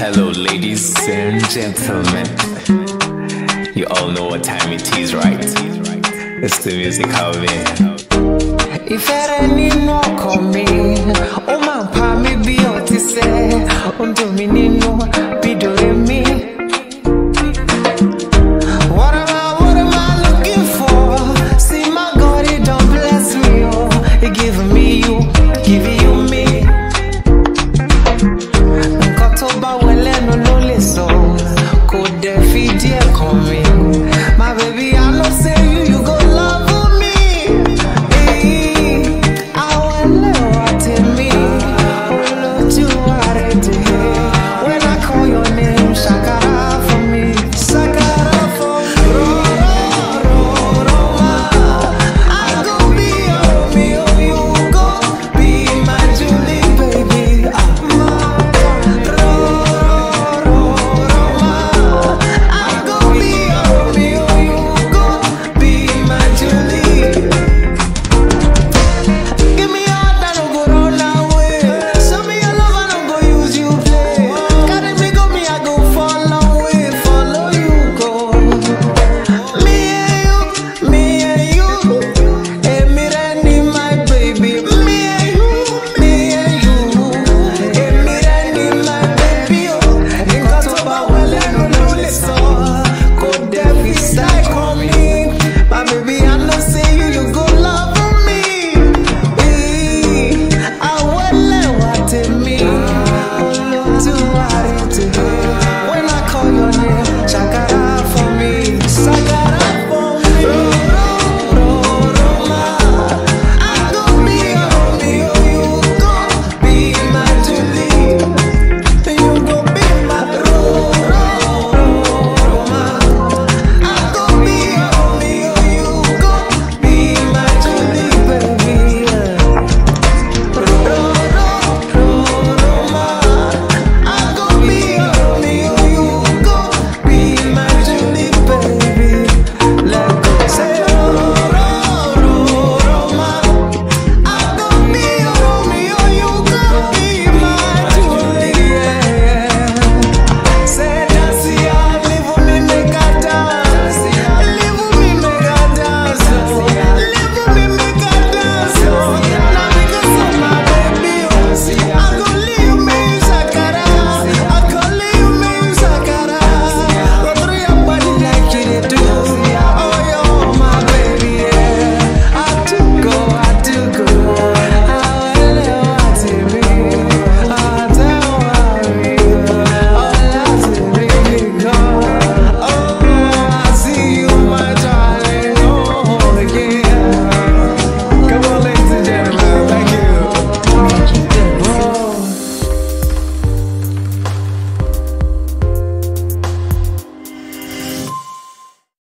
Hello, ladies and gentlemen. You all know what time it is, right? It's the music of it. If I didn't know. tó bá wọlé ẹnu ló lè sọ kò dẹ̀ fi kan mi.